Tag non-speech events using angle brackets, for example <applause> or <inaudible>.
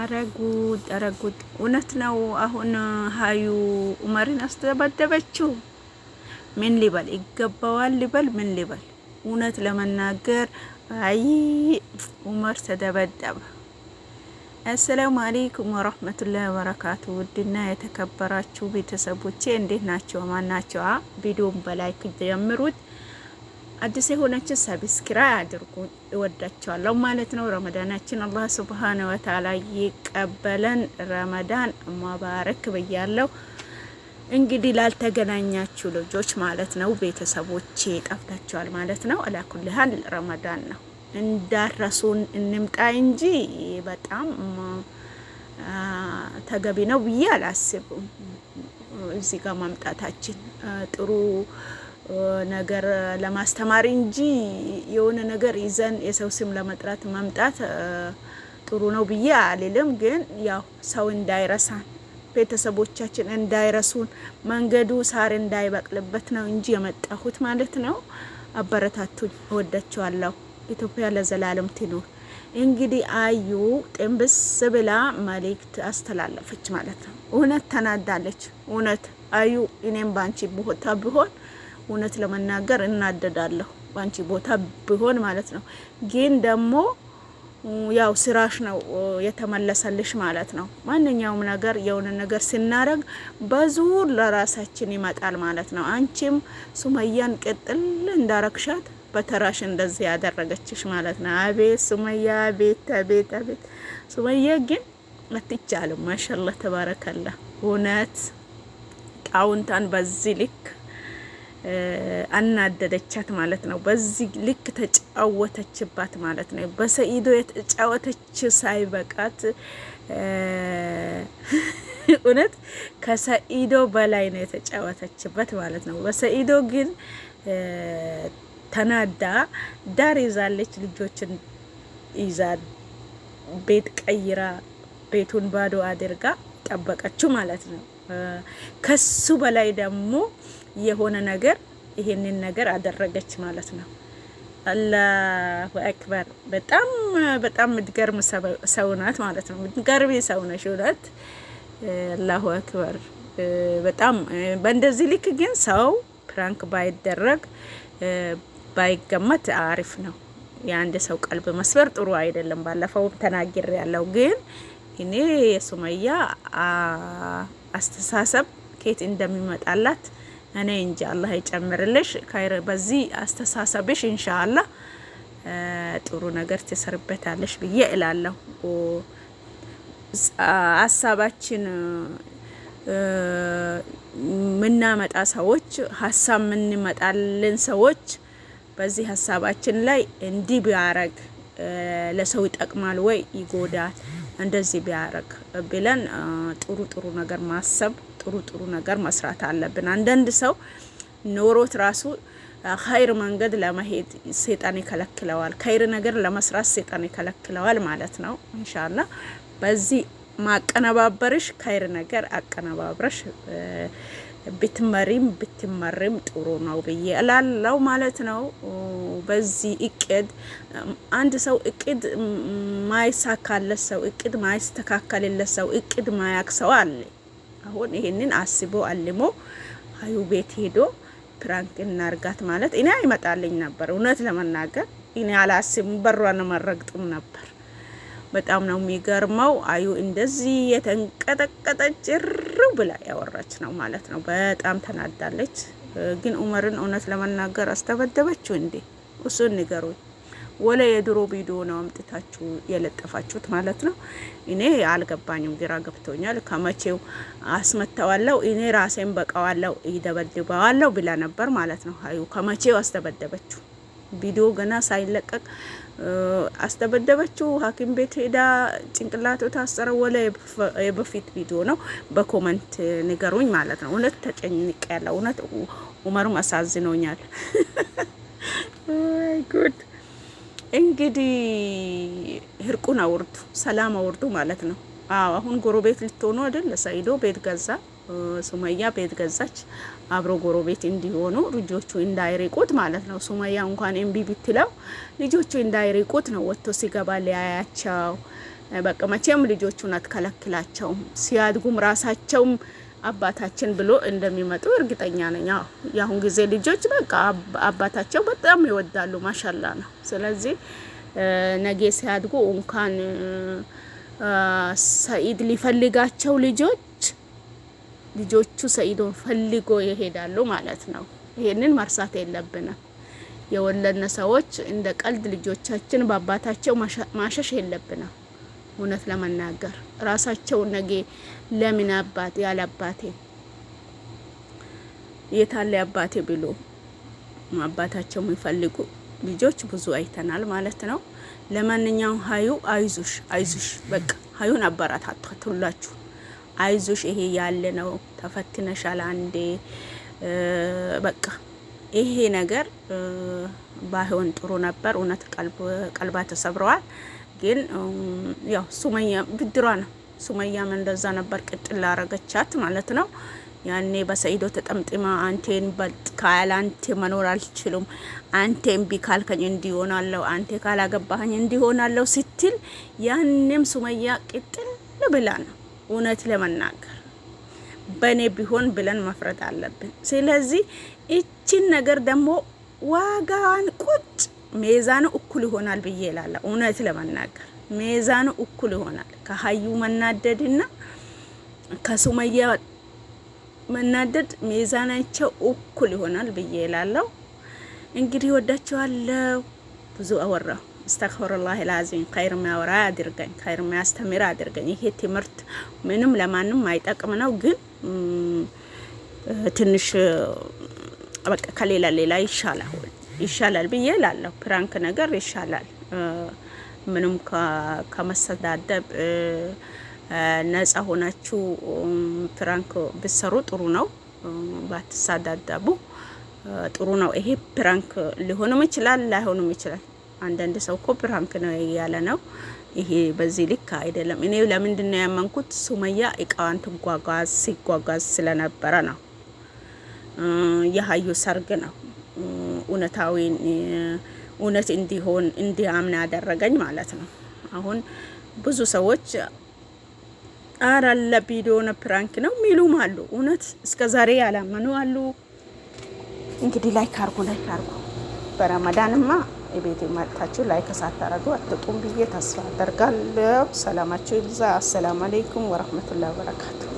አረጉድ አረጉድ እውነት ነው። አሁን ሀዩ ኡመርን አስተባደበችው። ምን ሊበል ይገባዋል ሊበል ምን ሊበል? እውነት ለመናገር አይ ኡመር ተደበደበ። አሰላሙ አለይኩም ወራህመቱላሂ ወበረካቱ። ውድና የተከበራችሁ ቤተሰቦቼ እንዴት ናቸው? ማን ናቸው? ቪዲዮን በላይክ ጀምሩት። አዲስ የሆናችሁ ሰብስክራይ አድርጉ። እወዳቸዋለሁ ማለት ነው። ረመዳናችን አላህ ሱብሃነ ወተዓላ ይቀበለን። ረመዳን ማባረክ ብያለሁ። እንግዲህ ላልተገናኛችሁ ልጆች ማለት ነው ቤተሰቦቼ ጠፍታችኋል ማለት ነው። አላኩልሃል ረመዳን ነው እንዳረሱን እንምጣ እንጂ በጣም ተገቢ ነው ብዬ አላስብም። እዚህ ጋር ማምጣታችን ጥሩ ነገር ለማስተማር እንጂ የሆነ ነገር ይዘን የሰው ስም ለመጥራት መምጣት ጥሩ ነው ብዬ አልልም። ግን ያው ሰው እንዳይረሳን ቤተሰቦቻችን እንዳይረሱን መንገዱ ሳር እንዳይበቅልበት ነው እንጂ የመጣሁት ማለት ነው። አበረታቱኝ። እወዳችኋለሁ። ኢትዮጵያ ለዘላለም ትኑር። እንግዲህ አዩ ጥንብስ ብላ መልእክት አስተላለፈች ማለት ነው። እውነት ተናዳለች። እውነት አዩ፣ እኔም ባንቺ ቦታ ብሆን እውነት ለመናገር እናደዳለሁ ባንቺ ቦታ ቢሆን ማለት ነው። ግን ደግሞ ያው ስራሽ ነው የተመለሰልሽ ማለት ነው። ማንኛውም ነገር የሆነ ነገር ስናረግ በዙር ለራሳችን ይመጣል ማለት ነው። አንቺም ሱመያን ቅጥል እንዳረግሻት በተራሽ እንደዚህ ያደረገችሽ ማለት ነው። አቤት ሱመያ፣ አቤት አቤት አቤት ሱመያ ግን አትቻልም። ማሻላ ተባረከላ እውነት ቃውንታን በዚህ ልክ አናደደቻት ማለት ነው። በዚህ ልክ ተጫወተችባት ማለት ነው። በሰኢዶ የተጫወተች ሳይበቃት እውነት ከሰኢዶ በላይ ነው የተጫወተችበት ማለት ነው። በሰኢዶ ግን ተናዳ ዳር ይዛለች፣ ልጆችን ይዛ ቤት ቀይራ ቤቱን ባዶ አድርጋ ጠበቀችው ማለት ነው። ከሱ በላይ ደግሞ የሆነ ነገር ይሄንን ነገር አደረገች ማለት ነው። አላሁ አክበር። በጣም በጣም የምትገርም ሰው ናት ማለት ነው። የምትገርም ሰው ነሽ እውነት። አላሁ አክበር። በጣም በእንደዚህ ልክ ግን ሰው ፕራንክ ባይደረግ ባይገመት አሪፍ ነው። የአንድ ሰው ቀልብ መስበር ጥሩ አይደለም። ባለፈውም ተናግር ያለው ግን እኔ የሱመያ አስተሳሰብ ከየት እንደሚመጣላት እኔ እንጂ አላህ ይጨምርልሽ። በዚህ አስተሳሰብሽ እንሻአላ ጥሩ ነገር ትሰርበታለሽ ብዬ እላለሁ። ሀሳባችን ምናመጣ ሰዎች ሀሳብ ምንመጣልን ሰዎች በዚህ ሀሳባችን ላይ እንዲህ ቢያረግ ለሰው ይጠቅማል ወይ ይጎዳል፣ እንደዚህ ቢያረግ ብለን ጥሩ ጥሩ ነገር ማሰብ ጥሩ ጥሩ ነገር መስራት አለብን። አንዳንድ ሰው ኖሮት ራሱ ኸይር መንገድ ለመሄድ ሴጣን ይከለክለዋል። ኸይር ነገር ለመስራት ሴጣን ይከለክለዋል ማለት ነው። ኢንሻአላህ በዚህ ማቀነባበርሽ ኸይር ነገር አቀነባብረሽ ብትመሪም ብትመርም ጥሩ ነው ብዬ እላለው ማለት ነው። በዚህ እቅድ አንድ ሰው እቅድ ማይሳካለት ሰው እቅድ ማይስተካከልለት ሰው እቅድ ማያቅ ሰው አለ። አሁን ይሄንን አስቦ አልሞ ሀዩ ቤት ሄዶ ፕራንክ እናርጋት ማለት እኔ አይመጣልኝ ነበር። እውነት ለመናገር እኔ አላስብም፣ በሯን መረግጥም ነበር። በጣም ነው የሚገርመው። አዩ እንደዚህ የተንቀጠቀጠች ጭርው ብላ ያወራች ነው ማለት ነው። በጣም ተናዳለች። ግን ኡመርን እውነት ለመናገር አስተበደበችው እንዴ? እሱን ንገሩኝ። ወለ የድሮ ቪዲዮ ነው አምጥታችሁ የለጠፋችሁት ማለት ነው። እኔ አልገባኝም፣ ግራ ገብቶኛል። ከመቼው አስመተዋለው እኔ ራሴን በቀዋለው ይደበድበዋለው ብላ ነበር ማለት ነው። ሀዩ ከመቼው አስደበደበችው። ቪዲዮ ገና ሳይለቀቅ አስደበደበችው። ሐኪም ቤት ሄዳ ጭንቅላቱ ታሰረ። ወለ የበፊት ቪዲዮ ነው። በኮመንት ንገሩኝ ማለት ነው። እውነት ተጨንቅ ያለ እውነት ኡመርም አሳዝኖኛል። <laughs> ጉድ እንግዲህ ህርቁን አውርዱ፣ ሰላም አውርዱ ማለት ነው። አዎ አሁን ጎረቤት ልትሆኑ አይደል? ሰይዶ ቤት ገዛ፣ ሱመያ ቤት ገዛች። አብሮ ጎረቤት እንዲሆኑ ልጆቹ እንዳይርቁት ማለት ነው። ሱመያ እንኳን እምቢ ብትለው ልጆቹ እንዳይርቁት ነው። ወጥቶ ሲገባ ሊያያቸው በቃ መቼም ልጆቹን አትከለክላቸውም። ሲያድጉም ራሳቸውም አባታችን ብሎ እንደሚመጡ እርግጠኛ ነኝ። አዎ የአሁን ጊዜ ልጆች በቃ አባታቸው በጣም ይወዳሉ። ማሻላ ነው። ስለዚህ ነገ ሲያድጉ እንኳን ሰኢድ ሊፈልጋቸው ልጆች ልጆቹ ሰኢዶን ፈልጎ ይሄዳሉ ማለት ነው። ይሄንን መርሳት የለብንም። የወለነ ሰዎች እንደ ቀልድ ልጆቻችን በአባታቸው ማሸሽ የለብንም። እውነት ለመናገር ራሳቸው ነገ ለምን አባቴ ያለ አባቴ የታለ አባቴ ብሎ አባታቸው የሚፈልጉ ልጆች ብዙ አይተናል ማለት ነው። ለማንኛውም ሀዩ አይዞሽ፣ አይዞሽ በቃ ሀዩን አበረታቷት ሁላችሁ አይዞሽ፣ ይሄ ያለ ነው። ተፈትነሻል አንዴ በቃ ይሄ ነገር ባይሆን ጥሩ ነበር። እውነት ቀልባ ተሰብረዋል። ግን ያው ሱመያ ብድሯ ነው። ሱመያም እንደዛ ነበር ቅጥል ላረገቻት ማለት ነው። ያኔ በሰይዶ ተጠምጥማ አንቴን በልጥ ካያል አንቴ መኖር አልችሉም፣ አንቴ እምቢ ካልከኝ እንዲሆናለሁ፣ አንቴ ካላገባኸኝ እንዲሆናለሁ ስትል ያኔም ሱመያ ቅጥል ብላ ነው። እውነት ለመናገር በእኔ ቢሆን ብለን መፍረድ አለብን። ስለዚህ ይችን ነገር ደግሞ ዋጋዋን ቁጭ ሜዛኑ እኩል ይሆናል ብዬ እላለሁ። እውነት ለመናገር ሜዛኑ እኩል ይሆናል ከሀዩ መናደድና ከሱመያ መናደድ ሜዛናቸው እኩል ይሆናል ብዬ እላለሁ። እንግዲህ ወዳቸዋለሁ። ብዙ አወራሁ። እስተክፍሩላህ ላዚም ከይር ሚያወራ አድርገኝ፣ ከይር ሚያስተምር አድርገኝ። ይሄ ትምህርት ምንም ለማንም አይጠቅም ነው፣ ግን ትንሽ በቃ ከሌላ ሌላ ይሻላል። ይሻላል ብዬ ላለሁ። ፕራንክ ነገር ይሻላል ምንም ከመሰዳደብ ነጻ ሆናችሁ ፕራንክ ብሰሩ ጥሩ ነው። ባትሳዳደቡ ጥሩ ነው። ይሄ ፕራንክ ሊሆንም ይችላል ላይሆንም ይችላል። አንዳንድ ሰው እኮ ፕራንክ ነው ያለ ነው። ይሄ በዚህ ልክ አይደለም። እኔ ለምንድን ነው ያመንኩት? ሱመያ እቃዋን ትጓጓዝ ሲጓጓዝ ስለነበረ ነው። የሀዩ ሰርግ ነው እውነታዊን እውነት እንዲሆን እንዲያምን ያደረገኝ ማለት ነው። አሁን ብዙ ሰዎች አራላ ቪዲዮ ፕራንክ ነው ሚሉም አሉ። እውነት እስከ ዛሬ ያላመኑ አሉ። እንግዲህ ላይክ አርጉ፣ ላይክ አርጉ። በረመዳንማ የቤት መጥታችሁ ላይክ ሳታረጉ አትጡም ብዬ ተስፋ አደርጋለሁ። ሰላማችሁ ይብዛ። አሰላሙ አለይኩም ወረህመቱላሂ ወበረካቱ